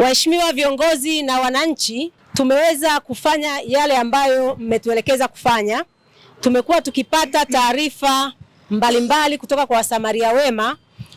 Waheshimiwa viongozi na wananchi, tumeweza kufanya yale ambayo mmetuelekeza kufanya. Tumekuwa tukipata taarifa mbalimbali kutoka kwa wasamaria wema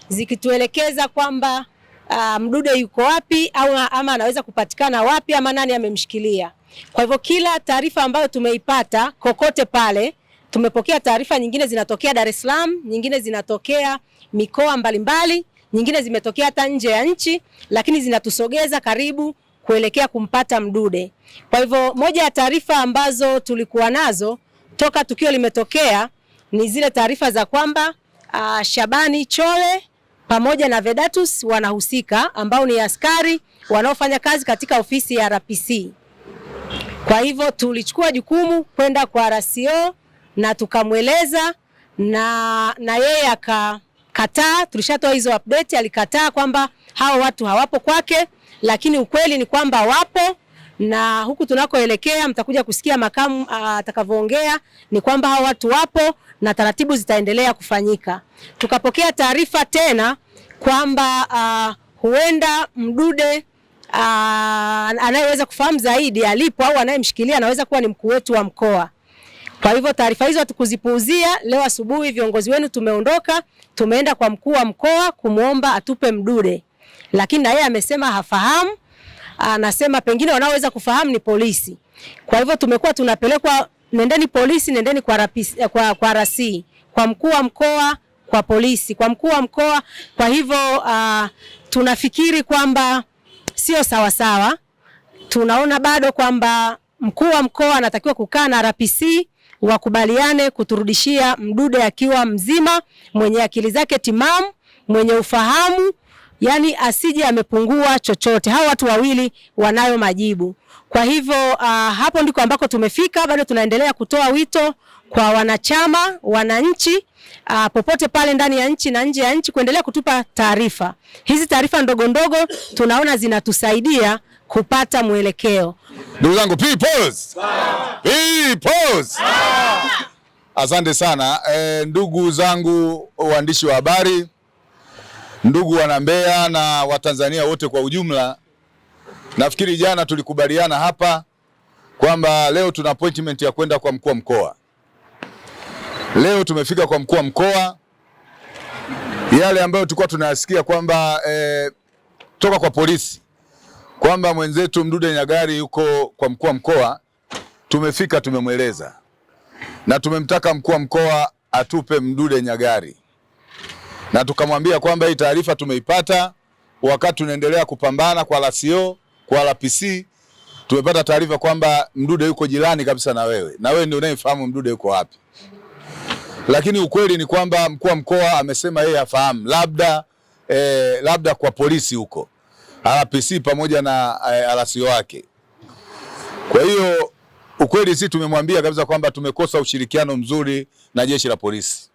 zikituelekeza kwamba uh, mdude yuko wapi au ama anaweza kupatikana wapi ama nani amemshikilia. Kwa hivyo kila taarifa ambayo tumeipata kokote pale, tumepokea taarifa nyingine zinatokea Dar es Salaam, nyingine zinatokea mikoa mbalimbali mbali nyingine zimetokea hata nje ya nchi, lakini zinatusogeza karibu kuelekea kumpata mdude. Kwa hivyo moja ya taarifa ambazo tulikuwa nazo toka tukio limetokea ni zile taarifa za kwamba uh, Shabani Chole pamoja na Vedatus wanahusika ambao ni askari wanaofanya kazi katika ofisi ya RPC. Kwa hivyo tulichukua jukumu kwenda kwa RCO na tukamweleza na, na yeye aka alikataa, tulishatoa hizo update, alikataa kwamba hao watu hawapo kwake, lakini ukweli ni kwamba wapo na huku tunakoelekea mtakuja kusikia makamu ah, atakavyoongea ni kwamba hao watu wapo na taratibu zitaendelea kufanyika. Tukapokea taarifa tena kwamba uh, huenda mdude ah, anayeweza kufahamu zaidi alipo au anayemshikilia anaweza kuwa ni mkuu wetu wa mkoa. Kwa hivyo taarifa hizo hatukuzipuuzia. Leo asubuhi viongozi wenu tumeondoka, tumeenda kwa mkuu wa mkoa kumwomba atupe mdude, lakini na yeye amesema hafahamu. Anasema pengine wanaoweza kufahamu ni polisi. Kwa hivyo tumekuwa tunapelekwa, nendeni polisi, nendeni kwa rapisi, eh, kwa, kwa rasi, kwa mkuu wa mkoa, kwa polisi, kwa mkuu wa mkoa. Kwa hivyo uh, tunafikiri kwamba sio sawasawa. Tunaona bado kwamba mkuu wa mkoa anatakiwa kukaa na RPC wakubaliane kuturudishia Mdude akiwa mzima, mwenye akili zake timamu, mwenye ufahamu, yani asije amepungua chochote. Hawa watu wawili wanayo majibu. Kwa hivyo uh, hapo ndiko ambako tumefika. Bado tunaendelea kutoa wito kwa wanachama, wananchi uh, popote pale ndani ya nchi na nje ya nchi kuendelea kutupa taarifa hizi. Taarifa ndogo ndogo tunaona zinatusaidia kupata mwelekeo. Ndugu zangu, peoples, peoples, asante sana e, ndugu zangu waandishi wa habari, ndugu wana Mbeya na Watanzania wote kwa ujumla, nafikiri jana tulikubaliana hapa kwamba leo tuna appointment ya kwenda kwa mkuu wa mkoa. Leo tumefika kwa mkuu wa mkoa, yale ambayo tulikuwa tunayasikia kwamba e, toka kwa polisi kwamba mwenzetu Mdude Nyagari yuko kwa mkuu wa mkoa, tumefika tumemweleza, na tumemtaka mkuu wa mkoa atupe Mdude Nyagari, na tukamwambia kwamba hii taarifa tumeipata wakati tunaendelea kupambana kwa LCO kwa LPC, tumepata taarifa kwamba Mdude yuko jirani kabisa na wewe, na wewe ndio unayefahamu Mdude yuko wapi. Lakini ukweli ni kwamba mkuu wa mkoa amesema yeye afahamu, labda eh, labda kwa polisi huko RPC pamoja na eh, RC wake. Kwa hiyo ukweli sisi tumemwambia kabisa kwamba tumekosa ushirikiano mzuri na jeshi la polisi,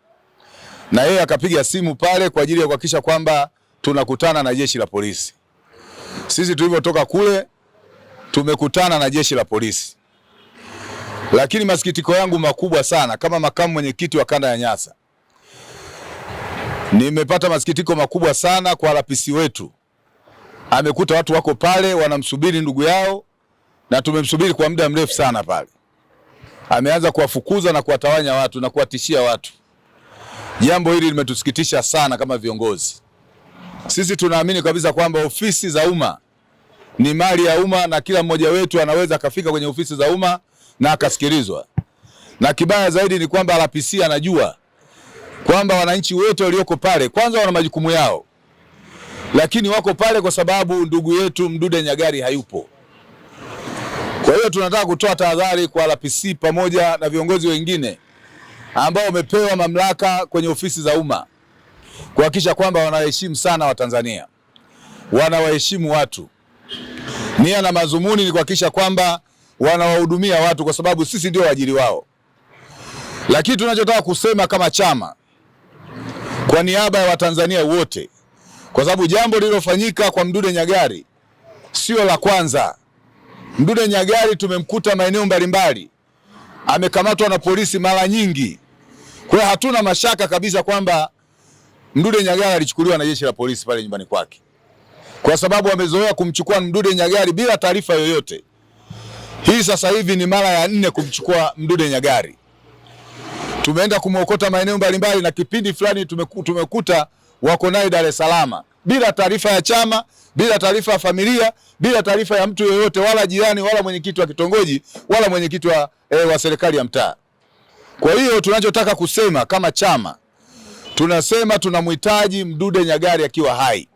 na yeye akapiga simu pale kwa ajili ya kuhakikisha kwamba tunakutana na jeshi la polisi. Sisi tulivyotoka kule tumekutana na jeshi la polisi, lakini masikitiko yangu makubwa sana kama makamu mwenyekiti wa kanda ya Nyasa, nimepata masikitiko makubwa sana kwa RPC wetu amekuta watu wako pale wanamsubiri ndugu yao, na tumemsubiri kwa muda mrefu sana pale. Ameanza kuwafukuza na kuwatawanya watu na kuwatishia watu. Jambo hili limetusikitisha sana kama viongozi. Sisi tunaamini kabisa kwamba ofisi za umma ni mali ya umma na kila mmoja wetu anaweza akafika kwenye ofisi za umma na akasikilizwa, na kibaya zaidi ni kwamba RPC anajua kwamba wananchi wote walioko pale kwanza wana majukumu yao lakini wako pale kwa sababu ndugu yetu Mdude Nyagari hayupo. Kwa hiyo tunataka kutoa tahadhari kwa RPC pamoja na viongozi wengine ambao wamepewa mamlaka kwenye ofisi za umma kuhakikisha kwamba wanaheshimu sana Watanzania, wanawaheshimu watu. Nia na mazumuni ni kuhakikisha kwamba wanawahudumia watu, kwa sababu sisi ndio waajiri wao. Lakini tunachotaka kusema kama chama, kwa niaba ya Watanzania wote kwa sababu jambo lililofanyika kwa Mdude Nyagari sio la kwanza. Mdude Nyagari tumemkuta maeneo mbalimbali, amekamatwa na polisi mara nyingi. Kwa hiyo hatuna mashaka kabisa kwamba Mdude Nyagari alichukuliwa na jeshi la polisi pale nyumbani kwake, kwa sababu wamezoea kumchukua Mdude Nyagari bila taarifa yoyote. Hii sasa hivi ni mara ya nne kumchukua Mdude Nyagari. Tumeenda kumwokota maeneo mbalimbali, na kipindi fulani tumekuta wako naye Dar es Salaam bila taarifa ya chama, bila taarifa ya familia, bila taarifa ya mtu yoyote, wala jirani, wala mwenyekiti wa kitongoji, wala mwenyekiti wa, eh, wa serikali ya mtaa. Kwa hiyo tunachotaka kusema kama chama, tunasema tunamhitaji Mdude Nyagari akiwa hai,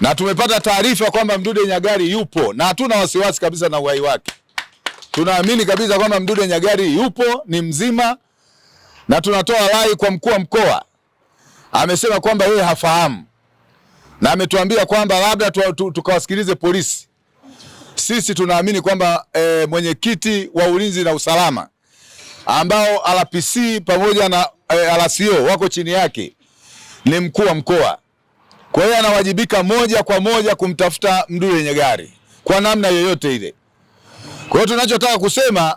na tumepata taarifa kwamba Mdude Nyagari yupo na hatuna wasiwasi kabisa na uhai wake. Tunaamini kabisa kwamba Mdude Nyagari yupo, ni mzima, na tunatoa rai kwa mkuu wa mkoa amesema kwamba yeye hafahamu na ametuambia kwamba labda tukawasikilize polisi. Sisi tunaamini kwamba e, mwenyekiti wa ulinzi na usalama ambao RPC pamoja na e, eh, RCO wako chini yake ni mkuu wa mkoa, kwa hiyo anawajibika moja kwa moja kumtafuta mdui yenye gari kwa namna yoyote ile. Kwa hiyo tunachotaka kusema,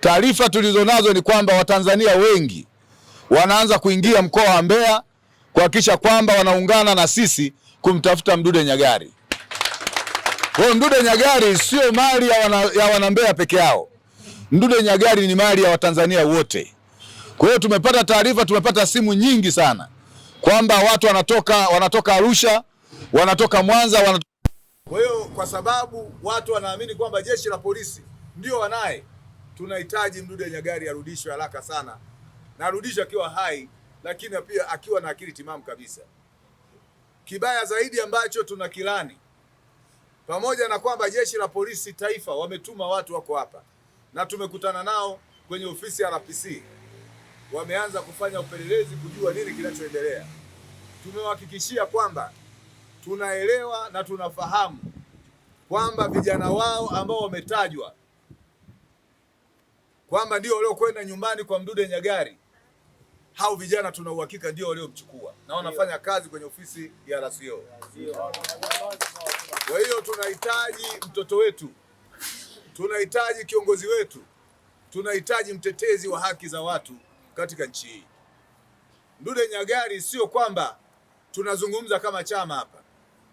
taarifa tulizonazo ni kwamba Watanzania wengi wanaanza kuingia mkoa wa Mbeya kuhakikisha kwamba wanaungana na sisi kumtafuta Mdude Nyagari. Kwa Mdude Nyagari sio mali ya, wana, ya wanambea peke yao. Mdude Nyagari ni mali ya Watanzania wote. Kwa hiyo tumepata taarifa, tumepata simu nyingi sana kwamba watu wanatoka wanatoka Arusha, wanatoka Mwanza, wanatoka... Kwa hiyo kwa sababu watu wanaamini kwamba jeshi la polisi ndio wanaye, tunahitaji Mdude Nyagari arudishwe haraka sana na arudishwe akiwa hai lakini pia akiwa na akili timamu kabisa. Kibaya zaidi ambacho tuna kilani, pamoja na kwamba jeshi la polisi taifa wametuma watu wako hapa na tumekutana nao kwenye ofisi ya RPC, wameanza kufanya upelelezi kujua nini kinachoendelea. Tumewahakikishia kwamba tunaelewa na tunafahamu kwamba vijana wao ambao wametajwa kwamba ndio waliokwenda nyumbani kwa Mdude Nyagari hao vijana tuna uhakika ndio waliomchukua na wanafanya kazi kwenye ofisi ya RCO. Kwa hiyo tunahitaji mtoto wetu, tunahitaji kiongozi wetu, tunahitaji mtetezi wa haki za watu katika nchi hii. ndude Nyagari, sio kwamba tunazungumza kama chama hapa.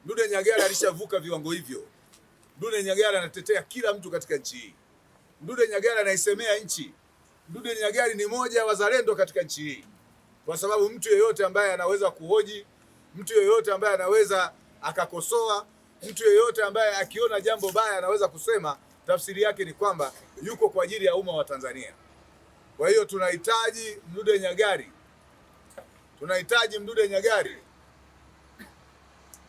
ndude Nyagari alishavuka viwango hivyo. ndude Nyagari anatetea kila mtu katika nchi hii. ndude Nyagari anaisemea nchi. Mdude Nyagali ni moja ya wazalendo katika nchi hii, kwa sababu mtu yeyote ambaye anaweza kuhoji, mtu yeyote ambaye anaweza akakosoa, mtu yeyote ambaye akiona jambo baya anaweza kusema, tafsiri yake ni kwamba yuko kwa ajili ya umma wa Tanzania. Kwa hiyo tunahitaji Mdude Nyagali, tunahitaji Mdude Nyagali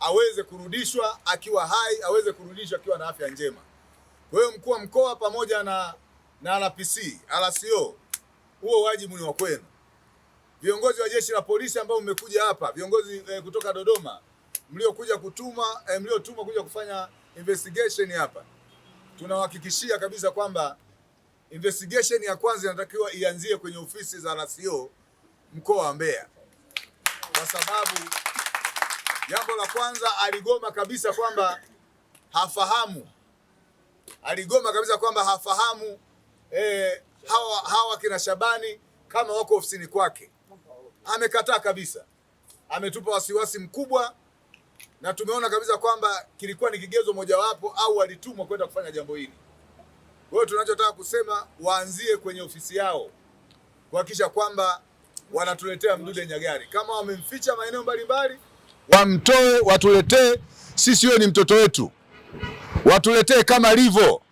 aweze kurudishwa akiwa hai, aweze kurudishwa akiwa na afya njema. Kwa hiyo mkuu wa mkoa pamoja na na RPC, RCO, huo wajibu ni wa kwenu. Viongozi wa jeshi la polisi ambao mmekuja hapa, viongozi eh, kutoka Dodoma mliokuja kutuma eh, mliotuma kuja kufanya investigation hapa, tunawahakikishia kabisa kwamba investigation ya kwanza inatakiwa ianzie kwenye ofisi za RCO mkoa wa Mbeya, kwa sababu jambo la kwanza aligoma kabisa kwamba hafahamu, aligoma kabisa kwamba hafahamu eh, hawa, hawa kina Shabani kama wako ofisini kwake, amekataa kabisa, ametupa wasiwasi mkubwa, na tumeona kabisa kwamba kilikuwa ni kigezo mojawapo au walitumwa kwenda kufanya jambo hili. Kwa hiyo tunachotaka kusema waanzie kwenye ofisi yao kuhakikisha kwamba wanatuletea Mdude Nyagali. Kama wamemficha maeneo mbalimbali, wamtoe watuletee sisi, huyo ni mtoto wetu, watuletee kama livo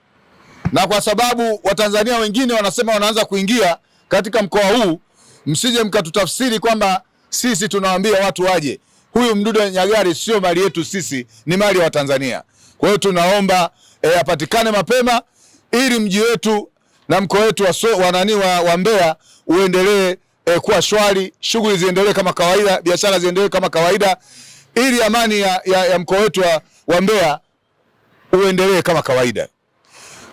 na kwa sababu Watanzania wengine wanasema wanaanza kuingia katika mkoa huu, msije mkatutafsiri kwamba sisi tunawaambia watu waje. Huyu mdude Nyagari sio mali yetu sisi, ni mali ya Watanzania. Kwa hiyo tunaomba e, apatikane mapema ili mji wetu na mkoa wetu wa, so, wa, nani, wa, wa Mbeya uendelee e, kuwa shwari, shughuli ziendelee kama kawaida, biashara ziendelee kama kawaida, ili amani ya, ya, ya mkoa wetu wa, wa Mbeya uendelee kama kawaida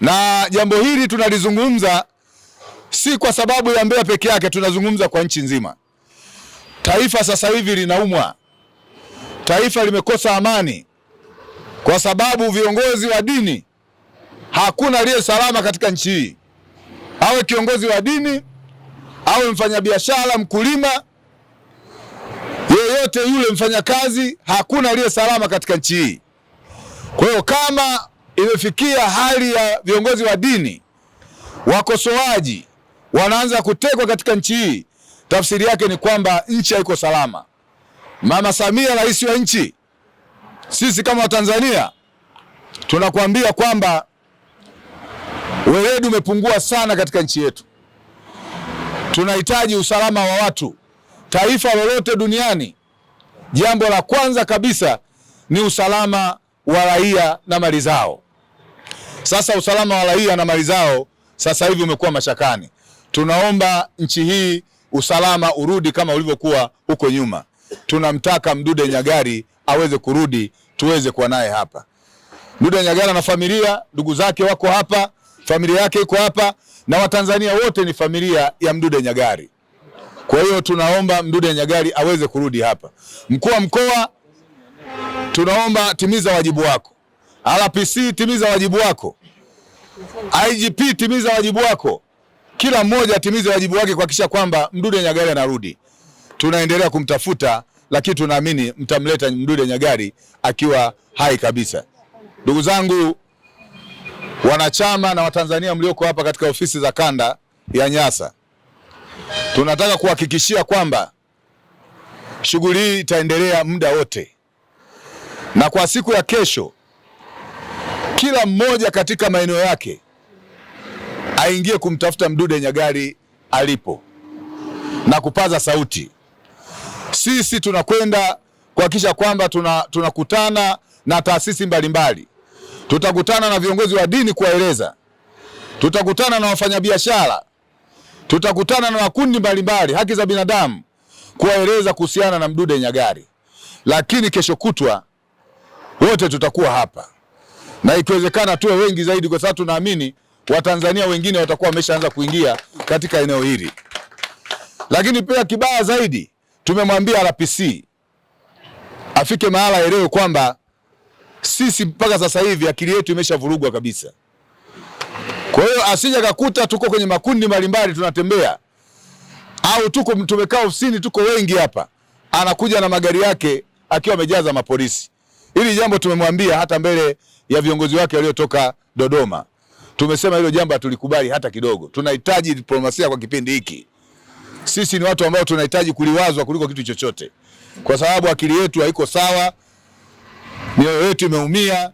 na jambo hili tunalizungumza si kwa sababu ya Mbeya peke yake, tunazungumza kwa nchi nzima. Taifa sasa hivi linaumwa, taifa limekosa amani kwa sababu viongozi wa dini, hakuna aliye salama katika nchi hii, awe kiongozi wa dini, awe mfanyabiashara, mkulima yeyote yule, mfanyakazi, hakuna aliye salama katika nchi hii. Kwa hiyo kama imefikia hali ya viongozi wa dini wakosoaji wanaanza kutekwa katika nchi hii, tafsiri yake ni kwamba nchi haiko salama. Mama Samia, rais wa nchi, sisi kama Watanzania tunakuambia kwamba weledi umepungua sana katika nchi yetu. Tunahitaji usalama wa watu. Taifa lolote duniani, jambo la kwanza kabisa ni usalama wa raia na mali zao. Sasa usalama wa raia na mali zao sasa hivi umekuwa mashakani. Tunaomba nchi hii usalama urudi kama ulivyokuwa huko nyuma. Tunamtaka Mdude Nyagari aweze kurudi tuweze kuwa naye hapa. Mdude Nyagari na familia, ndugu zake wako hapa, familia yake iko hapa na Watanzania wote ni familia ya Mdude Nyagari. Kwa hiyo tunaomba Mdude Nyagari aweze kurudi hapa. Mkuu wa mkoa, tunaomba timiza wajibu wako. RPC timiza wajibu wako, IGP timiza wajibu wako, kila mmoja atimize wajibu wake kuhakikisha kwamba Mdude Nyagali anarudi. Tunaendelea kumtafuta, lakini tunaamini mtamleta Mdude Nyagali akiwa hai kabisa. Ndugu zangu wanachama na Watanzania mlioko hapa katika ofisi za kanda ya Nyasa, tunataka kuhakikishia kwamba shughuli hii itaendelea muda wote, na kwa siku ya kesho kila mmoja katika maeneo yake aingie kumtafuta Mdude Nyagali alipo na kupaza sauti. Sisi tunakwenda kuhakikisha kwamba tunakutana tuna na taasisi mbalimbali, tutakutana na viongozi wa dini kuwaeleza, tutakutana na wafanyabiashara, tutakutana na makundi mbalimbali, haki za binadamu, kuwaeleza kuhusiana na Mdude Nyagali. Lakini kesho kutwa wote tutakuwa hapa na ikiwezekana tuwe wengi zaidi, kwa sababu tunaamini Watanzania wengine watakuwa wameshaanza kuingia katika eneo hili. Lakini pia kibaya zaidi, tumemwambia RPC afike mahala elewe kwamba sisi mpaka sasa hivi akili yetu imeshavurugwa kabisa. Kwa hiyo asija kakuta tuko kwenye makundi mbalimbali tunatembea, au tuko tumekaa ofisini, tuko wengi hapa, anakuja na magari yake akiwa amejaza mapolisi. Hili jambo tumemwambia hata mbele ya viongozi wake waliotoka Dodoma. Tumesema hilo jambo tulikubali hata kidogo. Tunahitaji diplomasia kwa kipindi hiki. Sisi ni watu ambao tunahitaji kuliwazwa kuliko kitu chochote, kwa sababu akili yetu haiko sawa, mioyo yetu imeumia.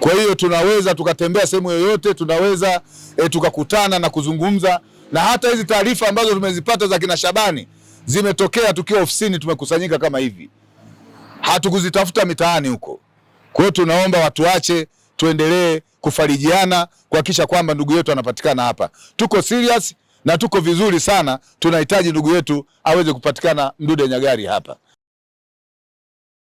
Kwa hiyo tunaweza tukatembea sehemu yoyote, tunaweza e, tukakutana na kuzungumza, na hata hizi taarifa ambazo tumezipata za kina Shabani zimetokea tukiwa ofisini, tumekusanyika kama hivi, hatukuzitafuta mitaani huko. Kwa hiyo tunaomba watu wache tuendelee kufarijiana kuhakikisha kwamba ndugu yetu anapatikana hapa. Tuko serious na tuko vizuri sana, tunahitaji ndugu yetu aweze kupatikana Mdude Nyagari hapa.